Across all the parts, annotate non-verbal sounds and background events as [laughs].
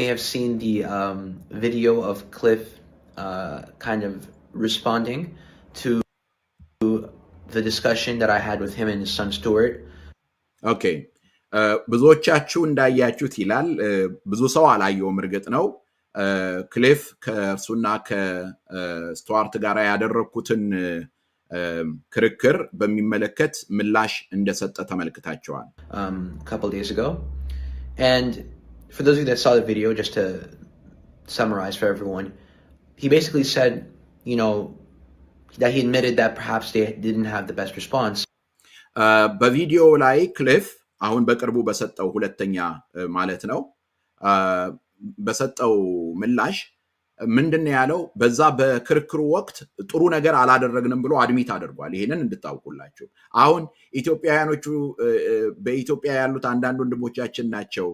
may have seen the um, video of Cliff uh, kind of responding to the discussion that I had with him and his son Stuart. Okay. Uh, ብዙዎቻችሁ እንዳያችሁት ይላል uh, ብዙ ሰው አላየውም እርግጥ ነው ክሊፍ uh, ከእርሱና ከስቱዋርት ጋር ያደረግኩትን um, ክርክር በሚመለከት ምላሽ እንደሰጠ ተመልክታቸዋል። um, for those of you that saw the video, just to summarize for everyone, he basically said, you know, that he admitted that perhaps they didn't have the best response. በቪዲዮ ላይ ክሊፍ አሁን በቅርቡ በሰጠው ሁለተኛ ማለት ነው በሰጠው ምላሽ ምንድን ያለው? በዛ በክርክሩ ወቅት ጥሩ ነገር አላደረግንም ብሎ አድሚት አድርጓል። ይህንን እንድታውቁላችሁ። አሁን ኢትዮጵያውያኖቹ በኢትዮጵያ ያሉት አንዳንድ ወንድሞቻችን ናቸው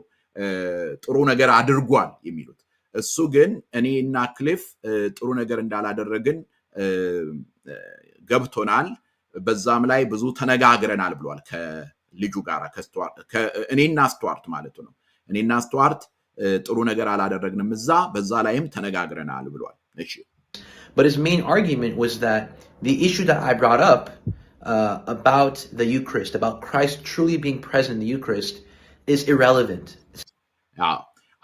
ጥሩ ነገር አድርጓል የሚሉት እሱ ግን እኔ እና ክሊፍ ጥሩ ነገር እንዳላደረግን ገብቶናል፣ በዛም ላይ ብዙ ተነጋግረናል ብሏል። ከልጁ ጋር እኔና ስቱዋርት ማለቱ ነው። እኔና ስቱዋርት ጥሩ ነገር አላደረግንም እዛ፣ በዛ ላይም ተነጋግረናል ብሏል። እሺ But his main argument was that the issue that I brought up uh, about the Eucharist, about Christ truly being present in the Eucharist, is irrelevant.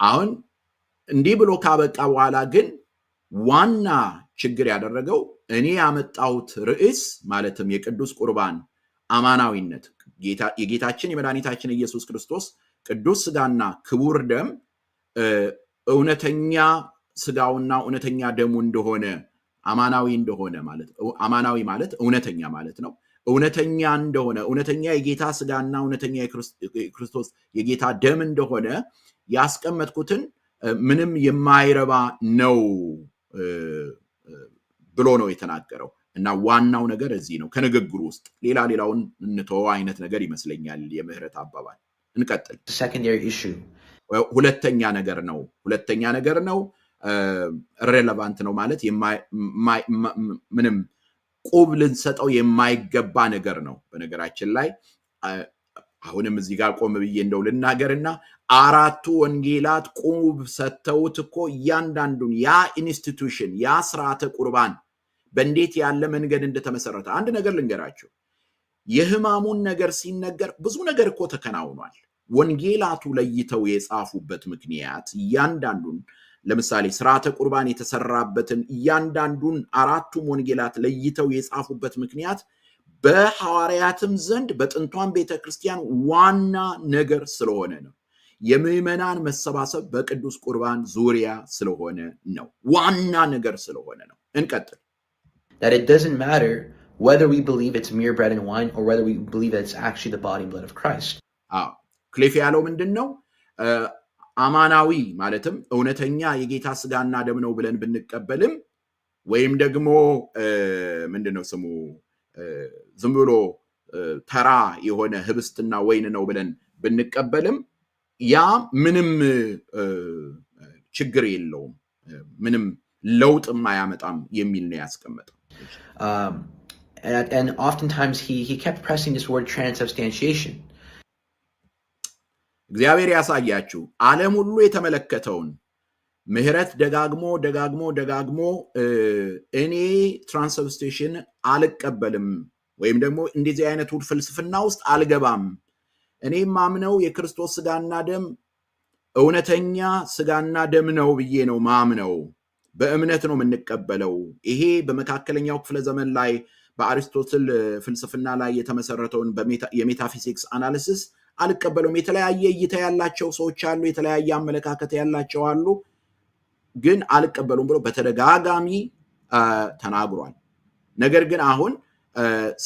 አሁን እንዲህ ብሎ ካበቃ በኋላ ግን ዋና ችግር ያደረገው እኔ ያመጣሁት ርዕስ ማለትም የቅዱስ ቁርባን አማናዊነት የጌታችን የመድኃኒታችን ኢየሱስ ክርስቶስ ቅዱስ ስጋና ክቡር ደም እውነተኛ ስጋውና እውነተኛ ደሙ እንደሆነ አማናዊ እንደሆነ ማለት አማናዊ ማለት እውነተኛ ማለት ነው። እውነተኛ እንደሆነ እውነተኛ የጌታ ስጋና እውነተኛ የክርስቶስ የጌታ ደም እንደሆነ ያስቀመጥኩትን ምንም የማይረባ ነው ብሎ ነው የተናገረው። እና ዋናው ነገር እዚህ ነው ከንግግሩ ውስጥ ሌላ ሌላውን እንተወ አይነት ነገር ይመስለኛል የምህረት አባባል። እንቀጥል። ሁለተኛ ነገር ነው ሁለተኛ ነገር ነው ሬለቫንት ነው ማለት ምንም ቁብ ልንሰጠው የማይገባ ነገር ነው። በነገራችን ላይ አሁንም እዚህ ጋር ቆም ብዬ እንደው ልናገርና አራቱ ወንጌላት ቁብ ሰጥተውት እኮ እያንዳንዱን ያ ኢንስቲቱሽን ያ ስርዓተ ቁርባን በእንዴት ያለ መንገድ እንደተመሰረተ አንድ ነገር ልንገራቸው። የህማሙን ነገር ሲነገር ብዙ ነገር እኮ ተከናውኗል። ወንጌላቱ ለይተው የጻፉበት ምክንያት እያንዳንዱን ለምሳሌ ስርዓተ ቁርባን የተሰራበትን እያንዳንዱን አራቱም ወንጌላት ለይተው የጻፉበት ምክንያት በሐዋርያትም ዘንድ በጥንቷን ቤተ ክርስቲያን ዋና ነገር ስለሆነ ነው። የምዕመናን መሰባሰብ በቅዱስ ቁርባን ዙሪያ ስለሆነ ነው። ዋና ነገር ስለሆነ ነው። እንቀጥል። That it doesn't matter whether we believe it's mere bread and wine or whether we believe it's actually the body and blood of Christ. ክሊፍ ያለው ምንድን ነው? አማናዊ ማለትም እውነተኛ የጌታ ስጋና ደም ነው ብለን ብንቀበልም ወይም ደግሞ ምንድን ነው ስሙ ዝም ብሎ ተራ የሆነ ህብስትና ወይን ነው ብለን ብንቀበልም ያ ምንም ችግር የለውም፣ ምንም ለውጥም አያመጣም የሚል ነው ያስቀመጠው። እግዚአብሔር ያሳያችሁ ዓለም ሁሉ የተመለከተውን ምህረት ደጋግሞ ደጋግሞ ደጋግሞ እኔ ትራንስብስቴሽን አልቀበልም ወይም ደግሞ እንደዚህ አይነት ውድ ፍልስፍና ውስጥ አልገባም። እኔ ማምነው የክርስቶስ ስጋና ደም እውነተኛ ስጋና ደም ነው ብዬ ነው ማምነው። በእምነት ነው የምንቀበለው። ይሄ በመካከለኛው ክፍለ ዘመን ላይ በአሪስቶትል ፍልስፍና ላይ የተመሰረተውን የሜታፊዚክስ አናሊሲስ አልቀበለውም። የተለያየ እይታ ያላቸው ሰዎች አሉ። የተለያየ አመለካከት ያላቸው አሉ። ግን አልቀበሉም ብሎ በተደጋጋሚ ተናግሯል። ነገር ግን አሁን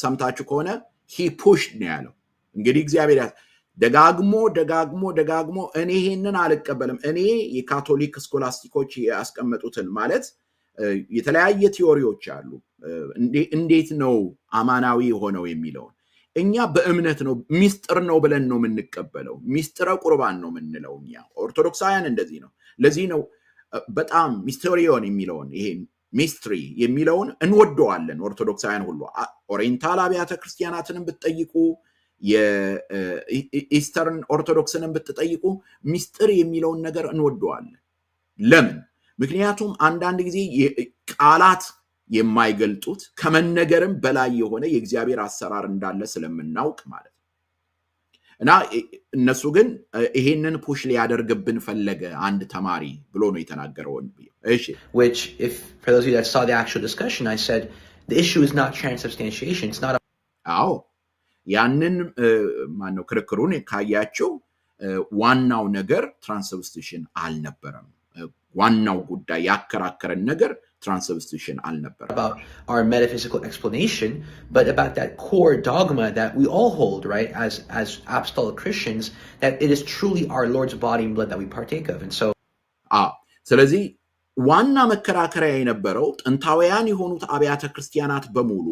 ሰምታችሁ ከሆነ ሂ ፑሽድ ነው ያለው። እንግዲህ እግዚአብሔር ደጋግሞ ደጋግሞ ደጋግሞ እኔ ይሄንን አልቀበልም፣ እኔ የካቶሊክ ስኮላስቲኮች ያስቀመጡትን ማለት የተለያየ ቲዎሪዎች አሉ። እንዴት ነው አማናዊ የሆነው የሚለውን እኛ በእምነት ነው ሚስጥር ነው ብለን ነው የምንቀበለው። ሚስጥረ ቁርባን ነው የምንለው እኛ ኦርቶዶክሳውያን እንደዚህ ነው። ለዚህ ነው በጣም ሚስቴሪዮን የሚለውን ይሄ ሚስትሪ የሚለውን እንወደዋለን ኦርቶዶክሳውያን ሁሉ። ኦሪየንታል አብያተ ክርስቲያናትንም ብትጠይቁ የኢስተርን ኦርቶዶክስንም ብትጠይቁ ሚስጥር የሚለውን ነገር እንወደዋለን። ለምን? ምክንያቱም አንዳንድ ጊዜ ቃላት የማይገልጡት ከመነገርም በላይ የሆነ የእግዚአብሔር አሰራር እንዳለ ስለምናውቅ ማለት ነው። እና እነሱ ግን ይሄንን ፑሽ ሊያደርግብን ፈለገ አንድ ተማሪ ብሎ ነው የተናገረውን። አዎ ያንን ማነው ክርክሩን ካያቸው ዋናው ነገር ትራንስብስቲሽን አልነበረም። ዋናው ጉዳይ ያከራከረን ነገር ትራንስብስቲሽን አልነበረ our metaphysical explanation but about that core dogma that we all hold right as as apostolic Christians that it is truly our Lord's body and blood that we partake of and so ah ስለዚህ ዋና መከራከሪያ የነበረው ጥንታውያን የሆኑት አብያተ ክርስቲያናት በሙሉ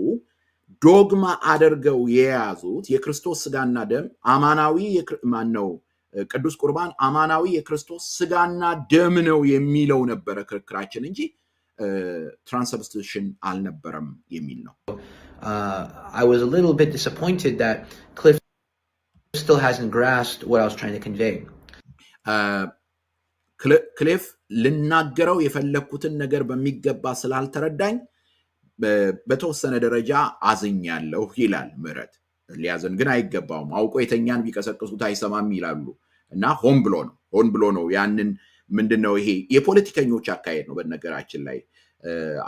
ዶግማ አድርገው የያዙት የክርስቶስ ስጋና ደም አማናዊ ማን ነው ቅዱስ ቁርባን አማናዊ የክርስቶስ ስጋና ደም ነው የሚለው ነበረ ክርክራችን እንጂ ትራንስብስቲሽን አልነበረም የሚል ነው። ክሊፍ ልናገረው የፈለግኩትን ነገር በሚገባ ስላልተረዳኝ በተወሰነ ደረጃ አዝኛለሁ ይላል ምህረት። ሊያዘን ግን አይገባውም። አውቆ የተኛን ቢቀሰቅሱት አይሰማም ይላሉ እና ሆን ብሎ ነው ሆን ብሎ ነው ያንን ምንድን ነው ይሄ የፖለቲከኞች አካሄድ ነው። በነገራችን ላይ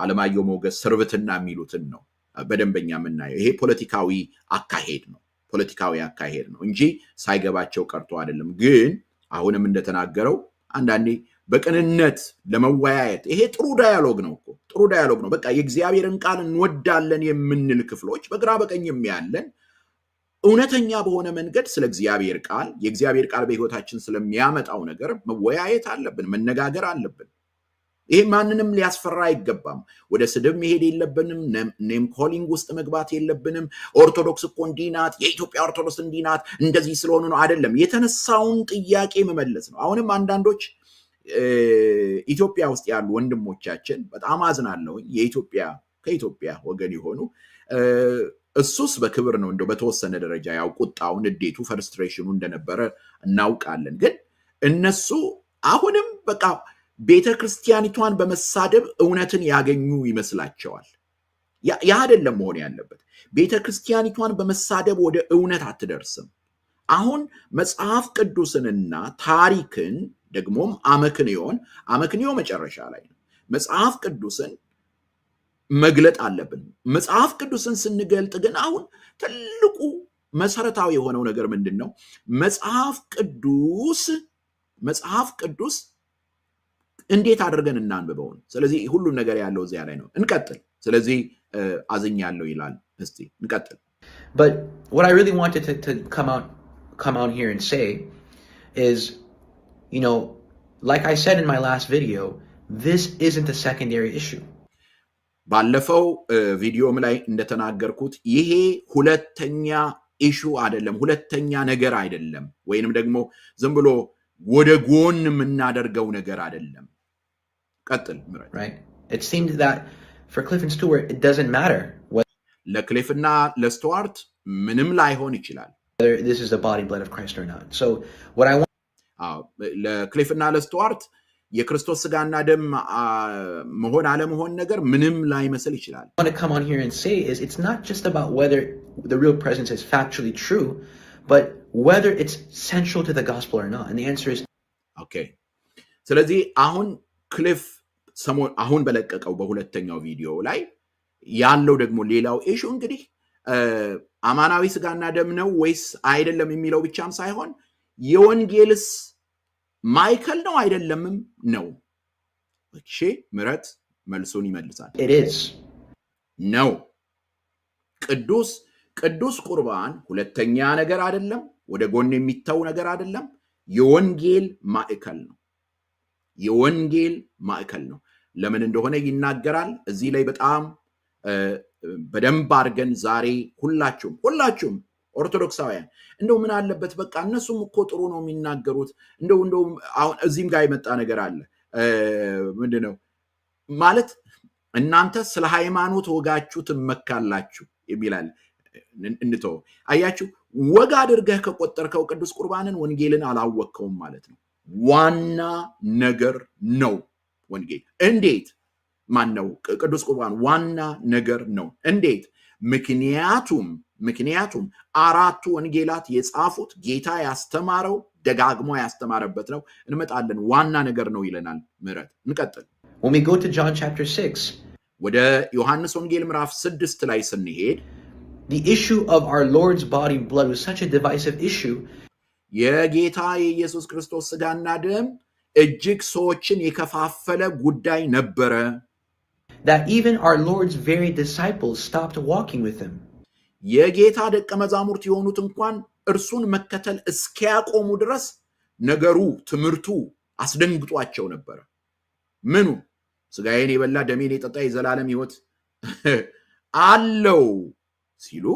አለማየሁ ሞገስ ስርብትና የሚሉትን ነው በደንበኛ የምናየው። ይሄ ፖለቲካዊ አካሄድ ነው፣ ፖለቲካዊ አካሄድ ነው እንጂ ሳይገባቸው ቀርቶ አይደለም። ግን አሁንም እንደተናገረው አንዳንዴ በቅንነት ለመወያየት ይሄ ጥሩ ዳያሎግ ነው እኮ ጥሩ ዳያሎግ ነው። በቃ የእግዚአብሔርን ቃል እንወዳለን የምንል ክፍሎች በግራ በቀኝ የሚያለን እውነተኛ በሆነ መንገድ ስለ እግዚአብሔር ቃል የእግዚአብሔር ቃል በህይወታችን ስለሚያመጣው ነገር መወያየት አለብን፣ መነጋገር አለብን። ይሄ ማንንም ሊያስፈራ አይገባም። ወደ ስድብ መሄድ የለብንም። ኔም ኮሊንግ ውስጥ መግባት የለብንም። ኦርቶዶክስ እኮ እንዲህ ናት፣ የኢትዮጵያ ኦርቶዶክስ እንዲህ ናት፣ እንደዚህ ስለሆኑ ነው አይደለም። የተነሳውን ጥያቄ መመለስ ነው። አሁንም አንዳንዶች ኢትዮጵያ ውስጥ ያሉ ወንድሞቻችን በጣም አዝናለሁኝ። የኢትዮጵያ ከኢትዮጵያ ወገን የሆኑ እሱስ በክብር ነው እንደው በተወሰነ ደረጃ ያው ቁጣውን፣ እዴቱ፣ ፈርስትሬሽኑ እንደነበረ እናውቃለን። ግን እነሱ አሁንም በቃ ቤተ ክርስቲያኒቷን በመሳደብ እውነትን ያገኙ ይመስላቸዋል። ያ አይደለም መሆን ያለበት። ቤተ ክርስቲያኒቷን በመሳደብ ወደ እውነት አትደርስም። አሁን መጽሐፍ ቅዱስንና ታሪክን ደግሞም አመክንዮን አመክንዮ መጨረሻ ላይ ነው መጽሐፍ ቅዱስን መግለጥ አለብን። መጽሐፍ ቅዱስን ስንገልጥ ግን አሁን ትልቁ መሰረታዊ የሆነው ነገር ምንድን ነው? መጽሐፍ ቅዱስ መጽሐፍ ቅዱስ እንዴት አድርገን እናንብበውን። ስለዚህ ሁሉም ነገር ያለው እዚያ ላይ ነው። እንቀጥል። ስለዚህ አዝኛለሁ ይላል። እስቲ እንቀጥል። But what I really wanted to, to come out come out here and say is, you know, like I said in my last video, this isn't a secondary issue. ባለፈው ቪዲዮም ላይ እንደተናገርኩት ይሄ ሁለተኛ ኢሹ አይደለም፣ ሁለተኛ ነገር አይደለም፣ ወይንም ደግሞ ዝም ብሎ ወደ ጎን የምናደርገው ነገር አይደለም። ቀጥል ለክሊፍና ለስቱዋርት ምንም ላይሆን ይችላል። ለክሊፍና ለስቱዋርት የክርስቶስ ስጋና ደም መሆን አለመሆን ነገር ምንም ላይመስል ይችላል። ስለዚህ አሁን ክሊፍ አሁን በለቀቀው በሁለተኛው ቪዲዮ ላይ ያለው ደግሞ ሌላው ኢሹ እንግዲህ አማናዊ ስጋና ደም ነው ወይስ አይደለም የሚለው ብቻም ሳይሆን የወንጌልስ ማይከል ነው አይደለምም ነው። እሺ ምረት መልሱን ይመልሳል። ነው ቅዱስ ቅዱስ ቁርባን ሁለተኛ ነገር አይደለም፣ ወደ ጎን የሚተው ነገር አይደለም። የወንጌል ማዕከል ነው። የወንጌል ማዕከል ነው። ለምን እንደሆነ ይናገራል። እዚህ ላይ በጣም በደንብ አድርገን ዛሬ ሁላችሁም ሁላችሁም ኦርቶዶክሳውያን እንደው ምን አለበት በቃ እነሱም እኮ ጥሩ ነው የሚናገሩት። እንደው እንደውም አሁን እዚህም ጋር የመጣ ነገር አለ። ምንድን ነው ማለት እናንተ ስለ ሃይማኖት ወጋችሁ ትመካላችሁ የሚላል እንተው። አያችሁ ወግ አድርገህ ከቆጠርከው ቅዱስ ቁርባንን ወንጌልን አላወቅከውም ማለት ነው። ዋና ነገር ነው ወንጌል። እንዴት ማን ነው ቅዱስ ቁርባን ዋና ነገር ነው። እንዴት ምክንያቱም ምክንያቱም አራቱ ወንጌላት የጻፉት ጌታ ያስተማረው ደጋግሞ ያስተማረበት ነው። እንመጣለን። ዋና ነገር ነው ይለናል ምረት። እንቀጥል። ወደ ዮሐንስ ወንጌል ምዕራፍ ስድስት ላይ ስንሄድ የጌታ የኢየሱስ ክርስቶስ ስጋና ደም እጅግ ሰዎችን የከፋፈለ ጉዳይ ነበረ። የጌታ ደቀ መዛሙርት የሆኑት እንኳን እርሱን መከተል እስኪያቆሙ ድረስ ነገሩ፣ ትምህርቱ አስደንግጧቸው ነበረ። ምኑ ስጋዬን የበላ ደሜን የጠጣ የዘላለም ህይወት [laughs] አለው ሲሉ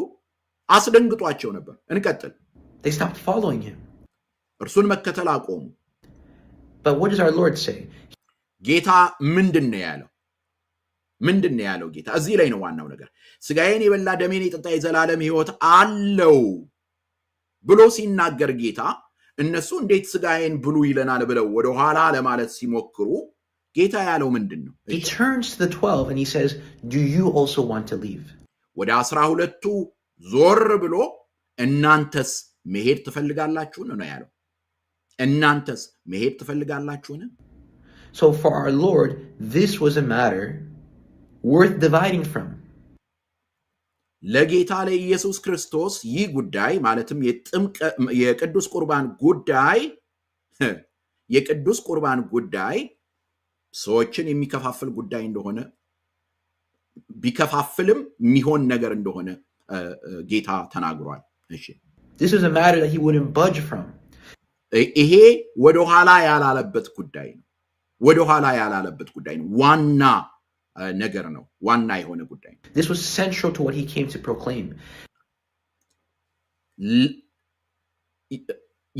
አስደንግጧቸው ነበር። እንቀጥል። እርሱን መከተል አቆሙ። ጌታ ምንድን ነው ያለው? ምንድን ነው ያለው ጌታ? እዚህ ላይ ነው ዋናው ነገር። ስጋዬን የበላ ደሜን የጠጣ የዘላለም ሕይወት አለው ብሎ ሲናገር ጌታ እነሱ እንዴት ስጋዬን ብሉ ይለናል ብለው ወደኋላ ለማለት ሲሞክሩ ጌታ ያለው ምንድን ነው? ወደ አስራ ሁለቱ ዞር ብሎ እናንተስ መሄድ ትፈልጋላችሁን ነው ያለው። እናንተስ መሄድ ትፈልጋላችሁን? So for our Lord, this was a matter worth dividing from ለጌታ ለኢየሱስ ክርስቶስ ይህ ጉዳይ ማለትም የቅዱስ ቁርባን ጉዳይ [laughs] የቅዱስ ቁርባን ጉዳይ ሰዎችን የሚከፋፍል ጉዳይ እንደሆነ ቢከፋፍልም የሚሆን ነገር እንደሆነ ጌታ ተናግሯል። ይሄ ወደኋላ ያላለበት ጉዳይ ነው። ወደኋላ ያላለበት ጉዳይ ነው ዋና ነገር ነው። ዋና የሆነ ጉዳይ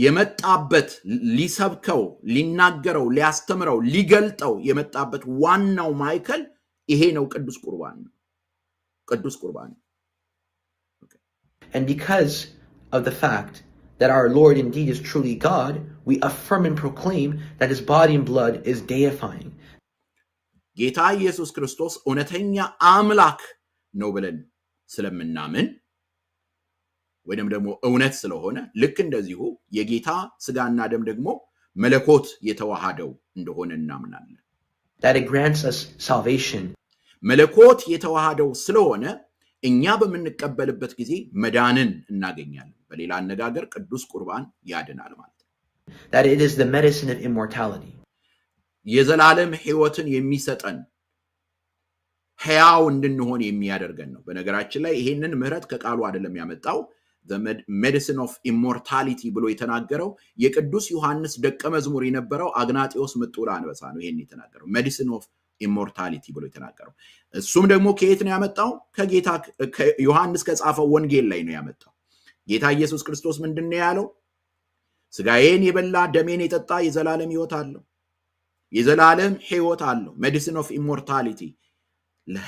የመጣበት ሊሰብከው፣ ሊናገረው፣ ሊያስተምረው፣ ሊገልጠው የመጣበት ዋናው ማዕከል ይሄ ነው። ቅዱስ ቁርባን ነው። ቅዱስ ቁርባን And because of the fact that our Lord indeed is truly God, we affirm and proclaim that his body and blood is deifying. ጌታ ኢየሱስ ክርስቶስ እውነተኛ አምላክ ነው ብለን ስለምናምን ወይም ደግሞ እውነት ስለሆነ ልክ እንደዚሁ የጌታ ስጋና ደም ደግሞ መለኮት የተዋሃደው እንደሆነ እናምናለን። መለኮት የተዋሃደው ስለሆነ እኛ በምንቀበልበት ጊዜ መዳንን እናገኛለን። በሌላ አነጋገር ቅዱስ ቁርባን ያድናል ማለት ነው። የዘላለም ህይወትን የሚሰጠን ሕያው እንድንሆን የሚያደርገን ነው። በነገራችን ላይ ይሄንን ምህረት ከቃሉ አይደለም ያመጣው ሜዲሲን ኦፍ ኢሞርታሊቲ ብሎ የተናገረው የቅዱስ ዮሐንስ ደቀ መዝሙር የነበረው አግናጢዎስ ምጡር አንበሳ ነው። ይሄን የተናገረው ሜዲሲን ኦፍ ኢሞርታሊቲ ብሎ የተናገረው እሱም ደግሞ ከየት ነው ያመጣው? ከጌታ ዮሐንስ ከጻፈው ወንጌል ላይ ነው ያመጣው። ጌታ ኢየሱስ ክርስቶስ ምንድን ነው ያለው? ስጋዬን የበላ ደሜን የጠጣ የዘላለም ህይወት አለው የዘላለም ህይወት አለው። ሜዲሲን ኦፍ ኢሞርታሊቲ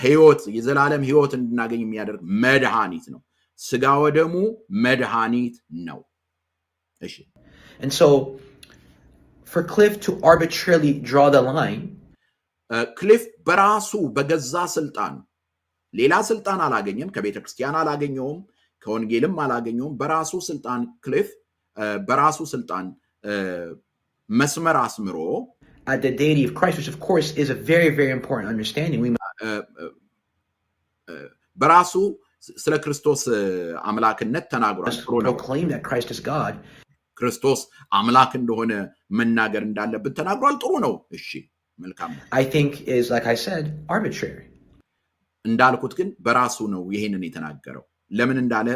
ህይወት የዘላለም ህይወት እንድናገኝ የሚያደርግ መድኃኒት ነው። ስጋ ወደሙ መድኃኒት ነው። እሺ ክሊፍ በራሱ በገዛ ስልጣን ሌላ ስልጣን አላገኘም። ከቤተ ክርስቲያን አላገኘውም፣ ከወንጌልም አላገኘውም። በራሱ ስልጣን ክሊፍ በራሱ ስልጣን መስመር አስምሮ at the deity of Christ, which of course is a very, very important understanding. We uh, uh, uh, በራሱ proclaim that Christ is God. ክርስቶስ አምላክ እንደሆነ መናገር እንዳለብን ተናግሯል። ጥሩ ነው። እሺ መልካም። I think is like I said arbitrary. እንዳልኩት ግን በራሱ ነው ይሄንን የተናገረው። ለምን እንዳለ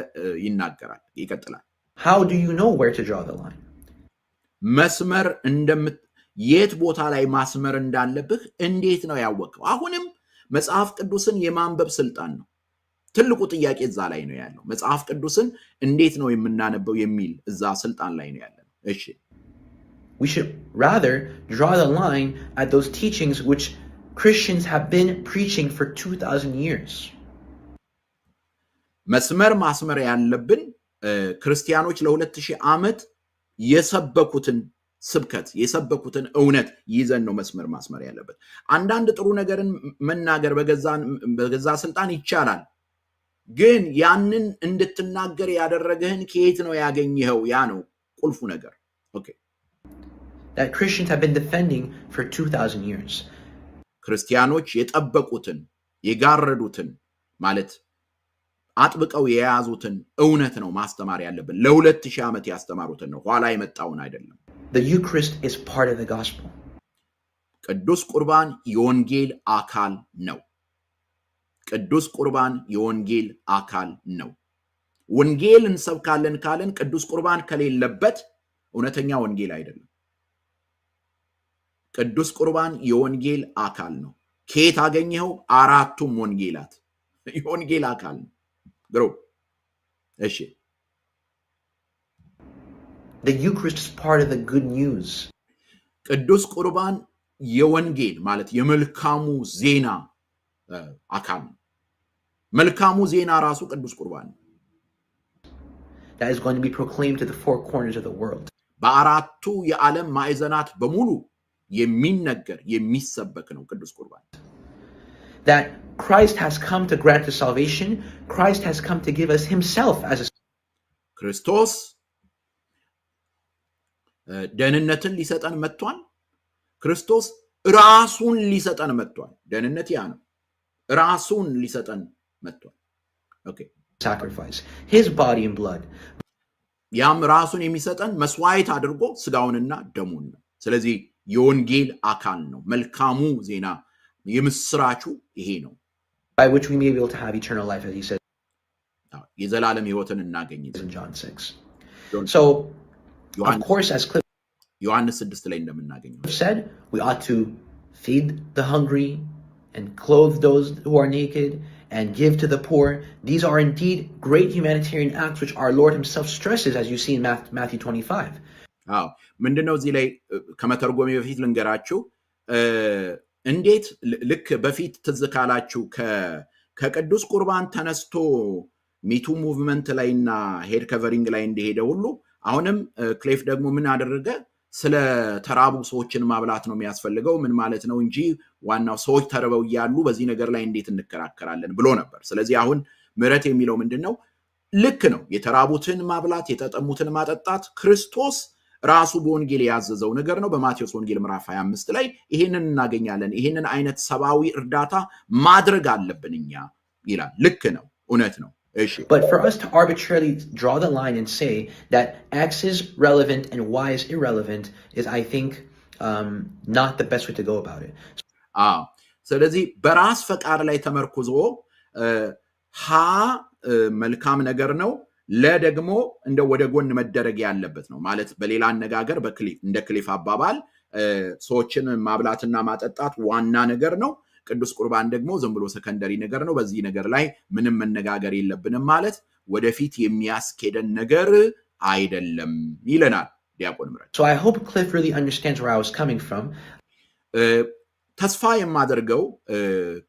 ይናገራል። ይቀጥላል። How do you know where to draw the line? መስመር እንደምት የት ቦታ ላይ ማስመር እንዳለብህ እንዴት ነው ያወቀው አሁንም መጽሐፍ ቅዱስን የማንበብ ስልጣን ነው። ትልቁ ጥያቄ እዛ ላይ ነው ያለው። መጽሐፍ ቅዱስን እንዴት ነው የምናነበው የሚል እዛ ስልጣን ላይ ነው ያለ እሺ We should rather draw the line at those teachings which Christians have been preaching for 2000 years. መስመር ማስመር ያለብን ክርስቲያኖች ለሁለት ሺህ ዓመት የሰበኩትን ስብከት የሰበኩትን እውነት ይዘን ነው መስመር ማስመር ያለበት። አንዳንድ ጥሩ ነገርን መናገር በገዛ ስልጣን ይቻላል። ግን ያንን እንድትናገር ያደረገህን ከየት ነው ያገኘኸው? ያ ነው ቁልፉ ነገር። ክርስቲያኖች የጠበቁትን የጋረዱትን ማለት አጥብቀው የያዙትን እውነት ነው ማስተማር ያለብን። ለሁለት ሺህ ዓመት ያስተማሩትን ነው፣ ኋላ የመጣውን አይደለም። The Eucharist is part of the gospel. ቅዱስ ቁርባን የወንጌል አካል ነው። ቅዱስ ቁርባን የወንጌል አካል ነው። ወንጌል እንሰብካለን ካለን ቅዱስ ቁርባን ከሌለበት እውነተኛ ወንጌል አይደለም። ቅዱስ ቁርባን የወንጌል አካል ነው። ከየት አገኘኸው? አራቱም ወንጌላት የወንጌል አካል ነው። ግሩ እሺ። The Eucharist is part of the good news. ቅዱስ ቁርባን የወንጌል ማለት የመልካሙ ዜና አካል ነው። መልካሙ ዜና ራሱ ቅዱስ ቁርባን That is going to be proclaimed to the four corners of the world. በአራቱ የዓለም ማዕዘናት በሙሉ የሚነገር የሚሰበክ ነው ቅዱስ ቁርባን። That Christ has come to grant us salvation. Christ has come to give us himself as a ክርስቶስ ደህንነትን ሊሰጠን መጥቷል። ክርስቶስ ራሱን ሊሰጠን መጥቷል። ደህንነት ያ ነው። ራሱን ሊሰጠን መጥቷል። ያም ራሱን የሚሰጠን መስዋዕት አድርጎ ስጋውንና ደሙን ነው። ስለዚህ የወንጌል አካል ነው። መልካሙ ዜና የምስራቹ ይሄ ነው። የዘላለም ሕይወትን እናገኝ Of course, as Cliff said we ought to feed the hungry and clothe those who are naked and give to the poor these are indeed great humanitarian acts which our lord himself stresses as you see in matthew 25 አዎ ምንድነው እዚህ ላይ ከመተርጎሜ በፊት ልንገራችሁ እንዴት ልክ በፊት ትዝ ካላችሁ ከቅዱስ ቁርባን ተነስቶ ሚቱ ሙቭመንት ላይና ሄድ ከቨሪንግ ላይ እንደሄደ ሁሉ አሁንም ክሌፍ ደግሞ ምን አደረገ? ስለ ተራቡ ሰዎችን ማብላት ነው የሚያስፈልገው ምን ማለት ነው እንጂ ዋናው ሰዎች ተርበው እያሉ በዚህ ነገር ላይ እንዴት እንከራከራለን ብሎ ነበር። ስለዚህ አሁን ምሕረት የሚለው ምንድን ነው? ልክ ነው፣ የተራቡትን ማብላት፣ የተጠሙትን ማጠጣት ክርስቶስ ራሱ በወንጌል ያዘዘው ነገር ነው። በማቴዎስ ወንጌል ምዕራፍ 25 ላይ ይሄንን እናገኛለን። ይሄንን አይነት ሰብአዊ እርዳታ ማድረግ አለብን እኛ ይላል። ልክ ነው፣ እውነት ነው። issue. But for us to arbitrarily draw the line and say that X is relevant and Y is irrelevant is, I think, um, not the best way to go about it. so does ስለዚህ በራስ ፈቃድ ላይ ተመርኩዞ ሀ መልካም ነገር ነው ለደግሞ እንደ ወደ ጎን መደረግ ያለበት ነው ማለት በሌላ አነጋገር እንደ ክሊፍ አባባል ሰዎችን ማብላትና ማጠጣት ዋና ነገር ነው ቅዱስ ቁርባን ደግሞ ዝም ብሎ ሰከንደሪ ነገር ነው። በዚህ ነገር ላይ ምንም መነጋገር የለብንም ማለት ወደፊት የሚያስኬደን ነገር አይደለም ይለናል ዲያቆን ምረት። ተስፋ የማደርገው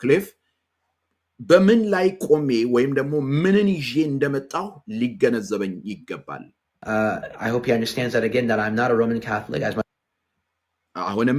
ክሊፍ በምን ላይ ቆሜ ወይም ደግሞ ምንን ይዤ እንደመጣሁ ሊገነዘበኝ ይገባል። uh, አሁንም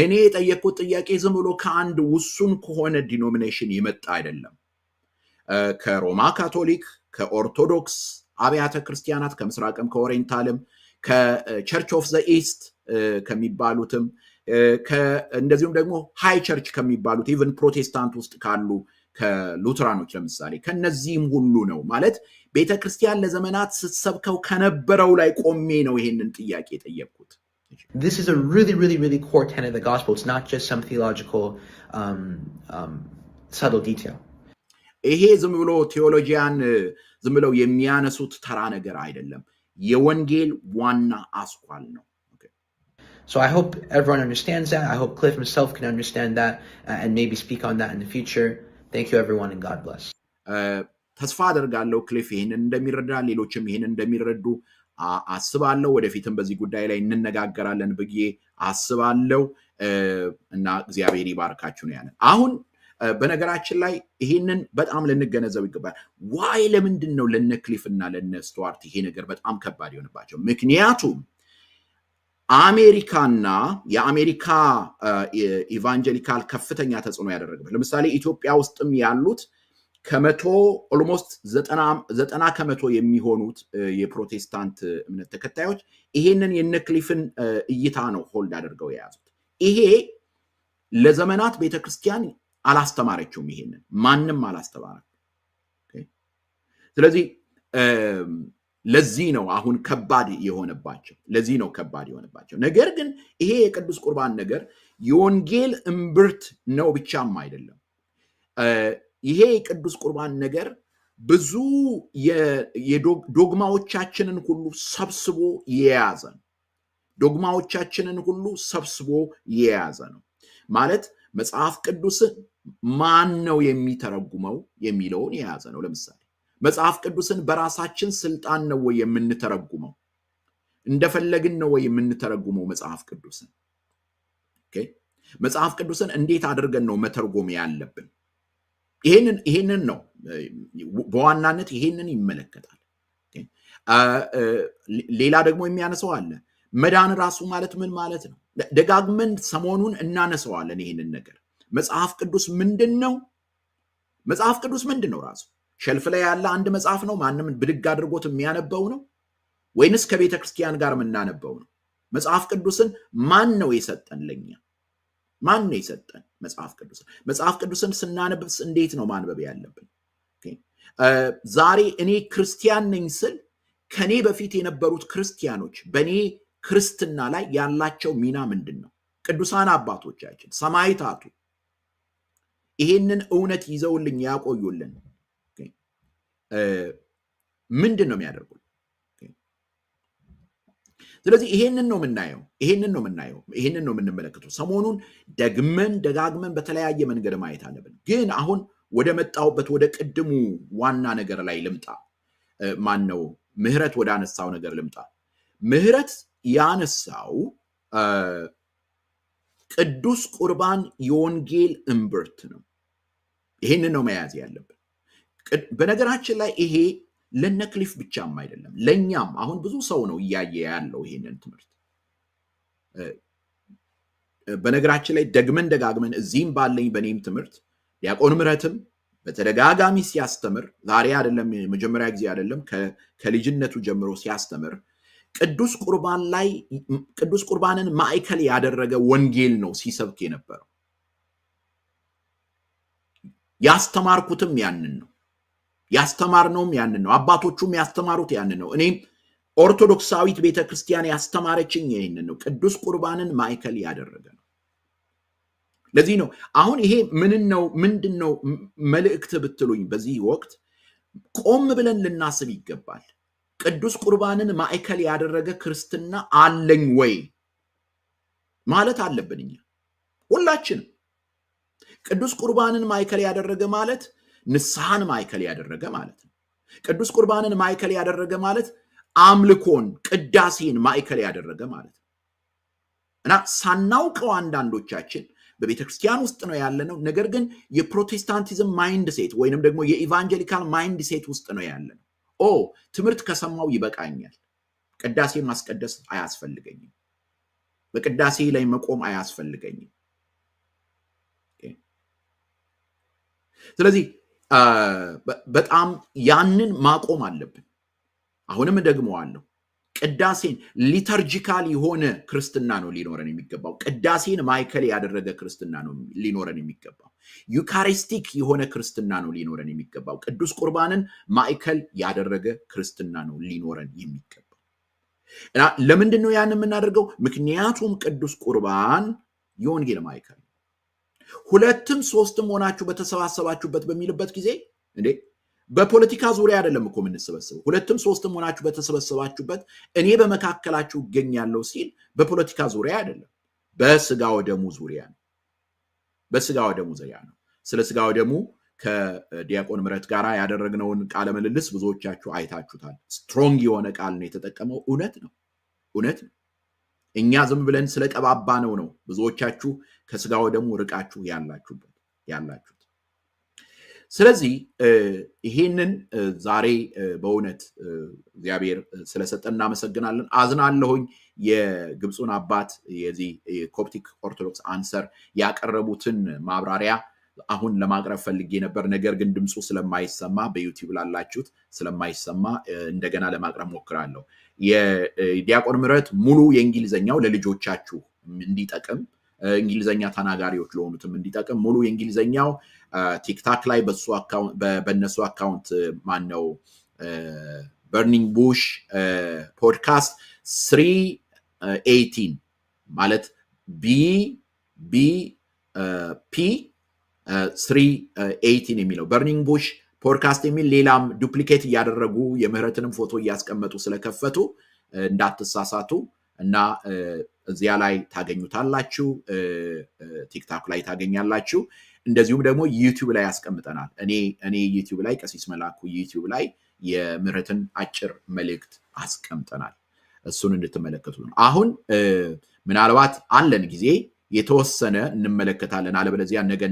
እኔ የጠየቅኩት ጥያቄ ዝም ብሎ ከአንድ ውሱን ከሆነ ዲኖሚኔሽን የመጣ አይደለም። ከሮማ ካቶሊክ፣ ከኦርቶዶክስ አብያተ ክርስቲያናት ከምስራቅም ከኦሬንታልም ከቸርች ኦፍ ዘ ኢስት ከሚባሉትም እንደዚሁም ደግሞ ሃይ ቸርች ከሚባሉት ኢቨን ፕሮቴስታንት ውስጥ ካሉ ከሉትራኖች ለምሳሌ ከነዚህም ሁሉ ነው ማለት ቤተ ክርስቲያን ለዘመናት ስትሰብከው ከነበረው ላይ ቆሜ ነው ይሄንን ጥያቄ የጠየቅኩት። This is a really, really, really core tenet of the gospel. It's not just some theological um, um, subtle detail. ይሄ ዝም ብሎ ቴዎሎጂያን ዝም ብለው የሚያነሱት ተራ ነገር አይደለም። የወንጌል ዋና አስኳል ነው። So I hope everyone understands that. I hope Cliff himself can understand that uh, and maybe speak on that in the future. Thank you, everyone, and God bless. Uh, ተስፋ አደርጋለሁ ክሊፍ ይህንን እንደሚረዳ ሌሎችም ይህንን እንደሚረዱ አስባለሁ። ወደፊትም በዚህ ጉዳይ ላይ እንነጋገራለን ብዬ አስባለሁ እና እግዚአብሔር ይባርካችሁ ነው ያንን አሁን በነገራችን ላይ ይሄንን በጣም ልንገነዘብ ይገባል። ዋይ ለምንድን ነው ለነክሊፍ እና ለነ ስቱዋርት ይሄ ነገር በጣም ከባድ የሆነባቸው? ምክንያቱም አሜሪካና የአሜሪካ ኢቫንጀሊካል ከፍተኛ ተጽዕኖ ያደረገበት ለምሳሌ ኢትዮጵያ ውስጥም ያሉት ከመቶ ኦልሞስት ዘጠና ከመቶ የሚሆኑት የፕሮቴስታንት እምነት ተከታዮች ይሄንን የነክሊፍን እይታ ነው ሆልድ አድርገው የያዙት። ይሄ ለዘመናት ቤተክርስቲያን አላስተማረችውም። ይሄንን ማንም አላስተማረም። ስለዚህ ለዚህ ነው አሁን ከባድ የሆነባቸው። ለዚህ ነው ከባድ የሆነባቸው። ነገር ግን ይሄ የቅዱስ ቁርባን ነገር የወንጌል እምብርት ነው ብቻም አይደለም ይሄ የቅዱስ ቁርባን ነገር ብዙ ዶግማዎቻችንን ሁሉ ሰብስቦ የያዘ ነው። ዶግማዎቻችንን ሁሉ ሰብስቦ የያዘ ነው ማለት መጽሐፍ ቅዱስን ማን ነው የሚተረጉመው የሚለውን የያዘ ነው። ለምሳሌ መጽሐፍ ቅዱስን በራሳችን ስልጣን ነው ወይ የምንተረጉመው? እንደፈለግን ነው ወይ የምንተረጉመው? መጽሐፍ ቅዱስን መጽሐፍ ቅዱስን እንዴት አድርገን ነው መተርጎም ያለብን? ይሄንን ይሄንን ነው በዋናነት ይሄንን ይመለከታል። ሌላ ደግሞ የሚያነሰው አለ መዳን ራሱ ማለት ምን ማለት ነው? ደጋግመን ሰሞኑን እናነሰዋለን ይሄንን ነገር። መጽሐፍ ቅዱስ ምንድን ነው? መጽሐፍ ቅዱስ ምንድን ነው? ራሱ ሸልፍ ላይ ያለ አንድ መጽሐፍ ነው? ማንም ብድግ አድርጎት የሚያነበው ነው ወይንስ ከቤተ ክርስቲያን ጋር የምናነበው ነው? መጽሐፍ ቅዱስን ማን ነው የሰጠን ለኛ? ማን ነው የሰጠን? መጽሐፍ ቅዱስን። መጽሐፍ ቅዱስን ስናነብስ እንዴት ነው ማንበብ ያለብን? ዛሬ እኔ ክርስቲያን ነኝ ስል ከኔ በፊት የነበሩት ክርስቲያኖች በእኔ ክርስትና ላይ ያላቸው ሚና ምንድን ነው? ቅዱሳን አባቶቻችን ሰማይታቱ ይሄንን እውነት ይዘውልኝ ያቆዩልን ምንድን ነው የሚያደርጉ ስለዚህ ይሄንን ነው የምናየው፣ ይሄንን ነው የምናየው፣ ይሄንን ነው የምንመለከተው። ሰሞኑን ደግመን ደጋግመን በተለያየ መንገድ ማየት አለብን። ግን አሁን ወደ መጣሁበት ወደ ቅድሙ ዋና ነገር ላይ ልምጣ። ማን ነው ምህረት ወደ አነሳው ነገር ልምጣ። ምህረት ያነሳው ቅዱስ ቁርባን የወንጌል እምብርት ነው። ይህንን ነው መያዝ ያለብን። በነገራችን ላይ ይሄ ለነክሊፍ ብቻም አይደለም ለእኛም አሁን ብዙ ሰው ነው እያየ ያለው ይሄንን ትምህርት። በነገራችን ላይ ደግመን ደጋግመን እዚህም ባለኝ በእኔም ትምህርት ዲያቆን ምረትም በተደጋጋሚ ሲያስተምር ዛሬ አይደለም የመጀመሪያ ጊዜ አይደለም፣ ከልጅነቱ ጀምሮ ሲያስተምር ቅዱስ ቁርባን ላይ ቅዱስ ቁርባንን ማዕከል ያደረገ ወንጌል ነው ሲሰብክ የነበረው። ያስተማርኩትም ያንን ነው። ያስተማርነውም ያንን ነው። አባቶቹም ያስተማሩት ያንን ነው። እኔም ኦርቶዶክሳዊት ቤተ ክርስቲያን ያስተማረችኝ ይህንን ነው። ቅዱስ ቁርባንን ማዕከል ያደረገ ነው። ለዚህ ነው አሁን ይሄ ምንን ነው ምንድን ነው መልእክት ብትሉኝ፣ በዚህ ወቅት ቆም ብለን ልናስብ ይገባል። ቅዱስ ቁርባንን ማዕከል ያደረገ ክርስትና አለኝ ወይ ማለት አለብን እኛ ሁላችንም። ቅዱስ ቁርባንን ማዕከል ያደረገ ማለት ንስሐን ማዕከል ያደረገ ማለት ነው። ቅዱስ ቁርባንን ማዕከል ያደረገ ማለት አምልኮን፣ ቅዳሴን ማዕከል ያደረገ ማለት ነው እና ሳናውቀው አንዳንዶቻችን በቤተ ክርስቲያን ውስጥ ነው ያለ ነው። ነገር ግን የፕሮቴስታንቲዝም ማይንድ ሴት ወይንም ደግሞ የኢቫንጀሊካል ማይንድ ሴት ውስጥ ነው ያለ ነው። ኦ ትምህርት ከሰማው ይበቃኛል፣ ቅዳሴ ማስቀደስ አያስፈልገኝም፣ በቅዳሴ ላይ መቆም አያስፈልገኝም። ስለዚህ በጣም ያንን ማቆም አለብን። አሁንም እደግመዋለሁ። ቅዳሴን ሊተርጂካል የሆነ ክርስትና ነው ሊኖረን የሚገባው። ቅዳሴን ማዕከል ያደረገ ክርስትና ነው ሊኖረን የሚገባው። ዩካሪስቲክ የሆነ ክርስትና ነው ሊኖረን የሚገባው። ቅዱስ ቁርባንን ማዕከል ያደረገ ክርስትና ነው ሊኖረን የሚገባው። እና ለምንድን ነው ያን የምናደርገው? ምክንያቱም ቅዱስ ቁርባን የወንጌል ማዕከል ሁለትም ሶስትም ሆናችሁ በተሰባሰባችሁበት በሚልበት ጊዜ እንዴ በፖለቲካ ዙሪያ አይደለም እኮ የምንሰበሰበው። ሁለትም ሶስትም ሆናችሁ በተሰበሰባችሁበት እኔ በመካከላችሁ እገኛለሁ ሲል በፖለቲካ ዙሪያ አይደለም፣ በስጋ ወደሙ ዙሪያ ነው። በስጋ ወደሙ ዙሪያ ነው። ስለ ስጋ ወደሙ ከዲያቆን ምረት ጋር ያደረግነውን ቃለ ምልልስ ብዙዎቻችሁ አይታችሁታል። ስትሮንግ የሆነ ቃል ነው የተጠቀመው። እውነት ነው፣ እውነት ነው። እኛ ዝም ብለን ስለቀባባ ነው ነው ብዙዎቻችሁ ከስጋው ደግሞ ርቃችሁ ያላችሁበት ያላችሁት። ስለዚህ ይሄንን ዛሬ በእውነት እግዚአብሔር ስለሰጠ እናመሰግናለን። አዝናለሁኝ የግብፁን አባት የዚህ ኮፕቲክ ኦርቶዶክስ አንሰር ያቀረቡትን ማብራሪያ አሁን ለማቅረብ ፈልጌ ነበር፣ ነገር ግን ድምፁ ስለማይሰማ በዩቲዩብ ላላችሁት ስለማይሰማ እንደገና ለማቅረብ ሞክራለሁ። የዲያቆን ምረት ሙሉ የእንግሊዝኛው ለልጆቻችሁ እንዲጠቅም እንግሊዝኛ ተናጋሪዎች ለሆኑትም እንዲጠቅም ሙሉ የእንግሊዝኛው ቲክታክ ላይ በእነሱ አካውንት ማነው በርኒንግ ቡሽ ፖድካስት ስሪ ኤይቲን ማለት ቢ ቢ ፒ ስሪ ኤይቲን የሚለው በርኒንግ ቡሽ ፖድካስት የሚል ሌላም ዱፕሊኬት እያደረጉ የምህረትንም ፎቶ እያስቀመጡ ስለከፈቱ እንዳትሳሳቱ እና እዚያ ላይ ታገኙታላችሁ። ቲክታክ ላይ ታገኛላችሁ። እንደዚሁም ደግሞ ዩቲዩብ ላይ ያስቀምጠናል። እኔ እኔ ዩቲዩብ ላይ ቀሲስ መላኩ ዩቲዩብ ላይ የምህረትን አጭር መልእክት አስቀምጠናል። እሱን እንድትመለከቱ ነው። አሁን ምናልባት አለን ጊዜ የተወሰነ እንመለከታለን። አለበለዚያ ነገ